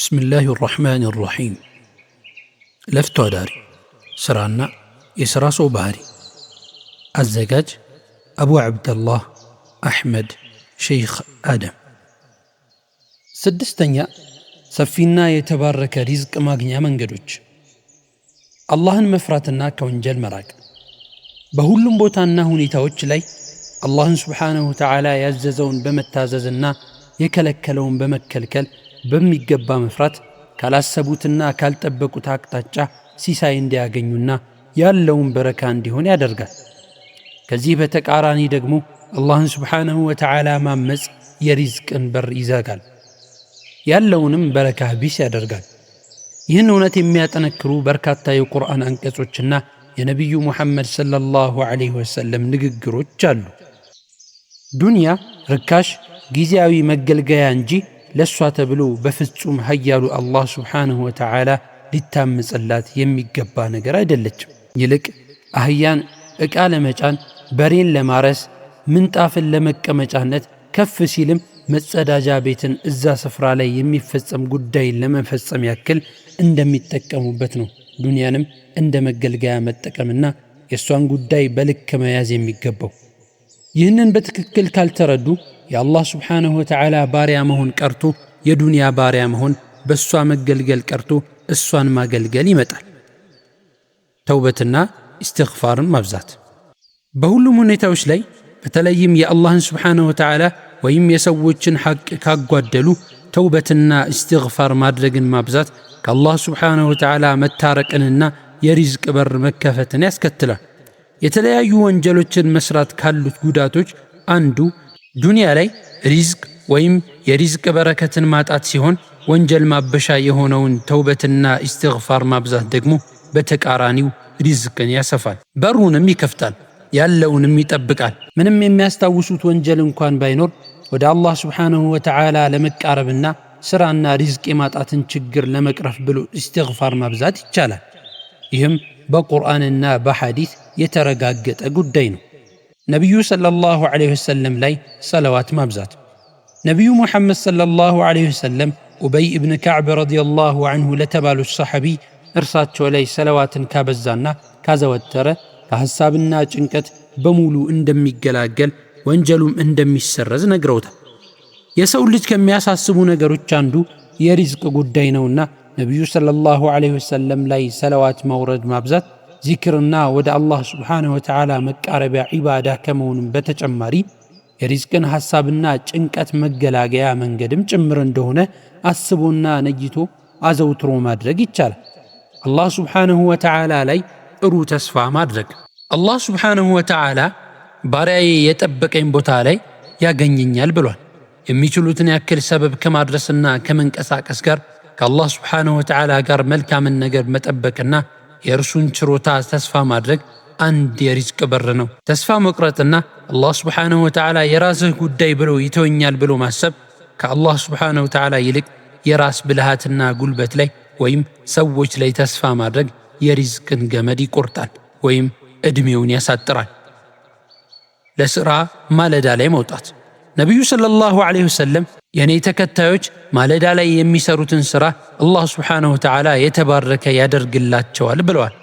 ብስምላህ ራሕማን ራሒም ለፍቶ አዳሪ ሥራና የሥራ ሰው ባህሪ አዘጋጅ አቡ ዓብደላህ አሕመድ ሸይኽ አደም ስድስተኛ ሰፊና የተባረከ ሪዝቅ ማግኛ መንገዶች አላህን መፍራትና ከወንጀል መራቅ በሁሉም ቦታና ሁኔታዎች ላይ አላህን ስብሓንሁ ተዓላ ያዘዘውን በመታዘዝና የከለከለውን በመከልከል በሚገባ መፍራት ካላሰቡትና ካልጠበቁት አቅጣጫ ሲሳይ እንዲያገኙና ያለውን በረካ እንዲሆን ያደርጋል። ከዚህ በተቃራኒ ደግሞ አላህን ስብሓንሁ ወተዓላ ማመፅ የሪዝቅን በር ይዘጋል፣ ያለውንም በረካ ቢስ ያደርጋል። ይህን እውነት የሚያጠነክሩ በርካታ የቁርአን አንቀጾችና የነቢዩ ሙሐመድ ሰለላሁ ዐለይሂ ወሰለም ንግግሮች አሉ። ዱንያ ርካሽ ጊዜያዊ መገልገያ እንጂ ለእሷ ተብሎ በፍጹም ኃያሉ አላህ ሱብሓነሁ ወተዓላ ሊታመጽላት የሚገባ ነገር አይደለችም። ይልቅ አህያን ዕቃ ለመጫን፣ በሬን ለማረስ፣ ምንጣፍን ለመቀመጫነት ከፍ ሲልም መጸዳጃ ቤትን እዛ ስፍራ ላይ የሚፈጸም ጉዳይን ለመፈጸም ያክል እንደሚጠቀሙበት ነው። ዱንያንም እንደ መገልገያ መጠቀምና የእሷን ጉዳይ በልክ መያዝ የሚገባው ይህንን በትክክል ካልተረዱ የአላህ ስብሓንሁ ወተዓላ ባሪያ መሆን ቀርቶ የዱንያ ባሪያ መሆን በእሷ መገልገል ቀርቶ እሷን ማገልገል ይመጣል። ተውበትና ኢስትግፋርን ማብዛት በሁሉም ሁኔታዎች ላይ በተለይም የአላህን ስብሓንሁ ወተዓላ ወይም የሰዎችን ሐቅ ካጓደሉ ተውበትና ኢስትግፋር ማድረግን ማብዛት ከአላህ ስብሓንሁ ወተዓላ መታረቅንና የሪዝቅ በር መከፈትን ያስከትላል። የተለያዩ ወንጀሎችን መስራት ካሉት ጉዳቶች አንዱ ዱንያ ላይ ሪዝቅ ወይም የሪዝቅ በረከትን ማጣት ሲሆን ወንጀል ማበሻ የሆነውን ተውበትና ኢስትግፋር ማብዛት ደግሞ በተቃራኒው ሪዝቅን ያሰፋል፣ በሩንም ይከፍታል፣ ያለውንም ይጠብቃል። ምንም የሚያስታውሱት ወንጀል እንኳን ባይኖር ወደ አላህ ስብሓንሁ ወተዓላ ለመቃረብና ስራና ሪዝቅ የማጣትን ችግር ለመቅረፍ ብሎ ኢስትግፋር ማብዛት ይቻላል። ይህም በቁርአንና በሐዲት የተረጋገጠ ጉዳይ ነው። ነቢዩ ሰለላሁ ዐለይሂ ወሰለም ላይ ሰለዋት ማብዛት። ነቢዩ ሙሐመድ ሰለላሁ ዐለይሂ ወሰለም ኡበይ እብን ከዕብ ረዲየላሁ አንሁ ለተባሉት ሰሐቢ እርሳቸው ላይ ሰለዋትን ካበዛና ካዘወተረ ከሐሳብና ጭንቀት በሙሉ እንደሚገላገል ወንጀሉም እንደሚሰረዝ ነግረውታል። የሰው ልጅ ከሚያሳስቡ ነገሮች አንዱ የሪዝቅ ጉዳይ ነውና ነቢዩ ሰለላሁ ዐለይሂ ወሰለም ላይ ሰለዋት ማውረድ ማብዛት ዚክርና ወደ አላህ ስብሓንሁ ወተዓላ መቃረቢያ ዒባዳ ከመሆኑም በተጨማሪ የሪዝቅን ሐሳብና ጭንቀት መገላገያ መንገድም ጭምር እንደሆነ አስቦና ነይቶ አዘውትሮ ማድረግ ይቻላል። አላህ ስብሓንሁ ወተዓላ ላይ ጥሩ ተስፋ ማድረግ አላህ ስብሓንሁ ወተዓላ ባሪያዬ የጠበቀኝ ቦታ ላይ ያገኘኛል ብሏል። የሚችሉትን ያክል ሰበብ ከማድረስና ከመንቀሳቀስ ጋር ከአላህ ስብሓንሁ ወተዓላ ጋር መልካምን ነገር መጠበቅና የእርሱን ችሮታ ተስፋ ማድረግ አንድ የሪዝቅ በር ነው። ተስፋ መቁረጥና አላህ ስብሓንሁ ወተዓላ የራስህ ጉዳይ ብሎ ይተወኛል ብሎ ማሰብ ከአላህ ስብሓንሁ ወተዓላ ይልቅ የራስ ብልሃትና ጉልበት ላይ ወይም ሰዎች ላይ ተስፋ ማድረግ የሪዝቅን ገመድ ይቆርጣል ወይም ዕድሜውን ያሳጥራል። ለሥራ ማለዳ ላይ መውጣት ነቢዩ ሰለላሁ ዐለይሂ ወሰለም የእኔ ተከታዮች ማለዳ ላይ የሚሰሩትን ሥራ አላህ ስብሓንሁ ወተዓላ የተባረከ ያደርግላቸዋል ብለዋል።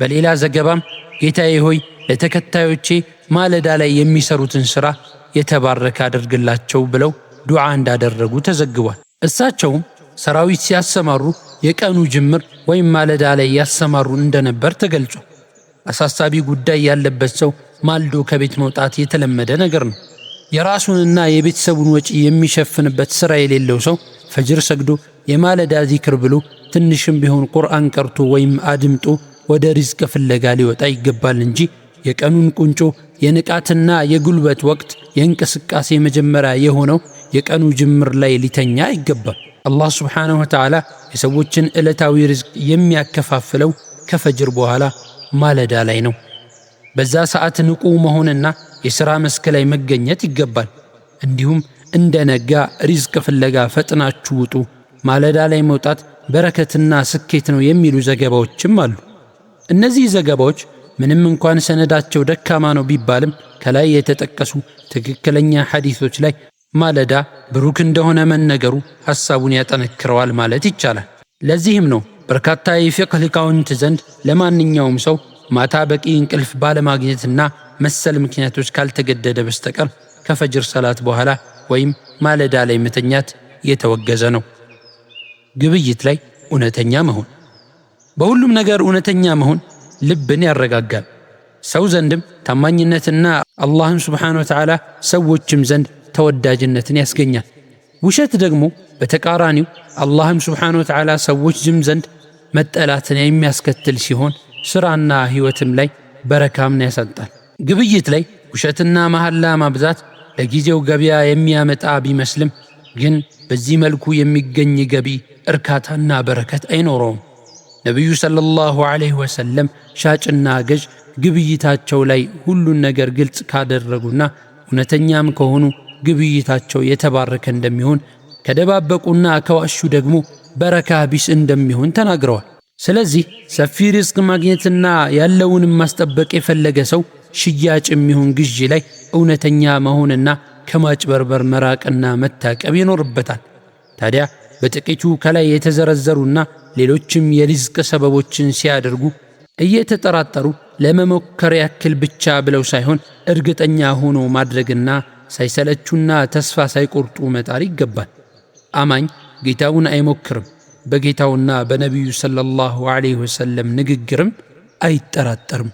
በሌላ ዘገባም ጌታዬ ሆይ ለተከታዮቼ ማለዳ ላይ የሚሰሩትን ሥራ የተባረከ አደርግላቸው ብለው ዱዓ እንዳደረጉ ተዘግቧል። እሳቸውም ሰራዊት ሲያሰማሩ የቀኑ ጅምር ወይም ማለዳ ላይ ያሰማሩ እንደነበር ተገልጿል። አሳሳቢ ጉዳይ ያለበት ሰው ማልዶ ከቤት መውጣት የተለመደ ነገር ነው። የራሱንና የቤተሰቡን ወጪ የሚሸፍንበት ሥራ የሌለው ሰው ፈጅር ሰግዶ የማለዳ ዚክር ብሎ ትንሽም ቢሆን ቁርአን ቀርቶ ወይም አድምጦ ወደ ሪዝቅ ፍለጋ ሊወጣ ይገባል እንጂ የቀኑን ቁንጮ የንቃትና የጉልበት ወቅት የእንቅስቃሴ መጀመሪያ የሆነው የቀኑ ጅምር ላይ ሊተኛ ይገባል። አላህ ስብሓንሁ ወተዓላ የሰዎችን ዕለታዊ ሪዝቅ የሚያከፋፍለው ከፈጅር በኋላ ማለዳ ላይ ነው። በዛ ሰዓት ንቁ መሆንና የሥራ መስክ ላይ መገኘት ይገባል። እንዲሁም እንደ ነጋ ሪዝቅ ፍለጋ ፈጥናችሁ ውጡ፣ ማለዳ ላይ መውጣት በረከትና ስኬት ነው የሚሉ ዘገባዎችም አሉ። እነዚህ ዘገባዎች ምንም እንኳን ሰነዳቸው ደካማ ነው ቢባልም ከላይ የተጠቀሱ ትክክለኛ ሐዲሶች ላይ ማለዳ ብሩክ እንደሆነ መነገሩ ሐሳቡን ያጠነክረዋል ማለት ይቻላል። ለዚህም ነው በርካታ የፊቅህ ሊቃውንት ዘንድ ለማንኛውም ሰው ማታ በቂ እንቅልፍ ባለማግኘትና መሰል ምክንያቶች ካልተገደደ በስተቀር ከፈጅር ሰላት በኋላ ወይም ማለዳ ላይ መተኛት የተወገዘ ነው። ግብይት ላይ እውነተኛ መሆን፣ በሁሉም ነገር እውነተኛ መሆን ልብን ያረጋጋል። ሰው ዘንድም ታማኝነትና አላህን ስብሓነ ወተዓላ ሰዎችም ዘንድ ተወዳጅነትን ያስገኛል። ውሸት ደግሞ በተቃራኒው አላህም ስብሓነ ወተዓላ ዝም ዘንድ መጠላትን የሚያስከትል ሲሆን ስራና ሕይወትም ላይ በረካምን ያሳጣል። ግብይት ላይ ውሸትና መሐላ ማብዛት ለጊዜው ገበያ የሚያመጣ ቢመስልም ግን በዚህ መልኩ የሚገኝ ገቢ እርካታና በረከት አይኖረውም። ነቢዩ ሰለላሁ ዐለይሂ ወሰለም ሻጭና ገዥ ግብይታቸው ላይ ሁሉን ነገር ግልጽ ካደረጉና እውነተኛም ከሆኑ ግብይታቸው የተባረከ እንደሚሆን፣ ከደባበቁና ከዋሹ ደግሞ በረካ ቢስ እንደሚሆን ተናግረዋል። ስለዚህ ሰፊ ሪዝቅ ማግኘትና ያለውንም ማስጠበቅ የፈለገ ሰው ሽያጭ የሚሆን ግዢ ላይ እውነተኛ መሆንና ከማጭበርበር መራቅና መታቀብ ይኖርበታል። ታዲያ በጥቂቱ ከላይ የተዘረዘሩና ሌሎችም የሪዝቅ ሰበቦችን ሲያደርጉ እየተጠራጠሩ ለመሞከር ያክል ብቻ ብለው ሳይሆን እርግጠኛ ሆኖ ማድረግና ሳይሰለቹና ተስፋ ሳይቆርጡ መጣር ይገባል። አማኝ ጌታውን አይሞክርም። በጌታውና በነቢዩ ሰለላሁ ዐለይሂ ወሰለም ንግግርም አይጠራጠርም።